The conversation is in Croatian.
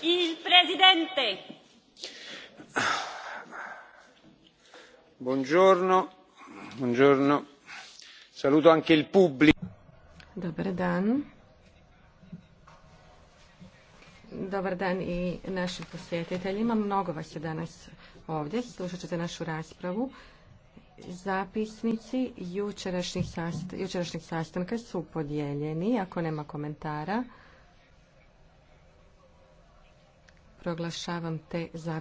Il presidente. Saluto Dobar dan. Dobar dan i našim posjetiteljima. Mnogo vas je danas ovdje. Slušat ćete našu raspravu. Zapisnici jučerašnjih sastanka su podijeljeni. Ako nema komentara, proglašavam te zapisnike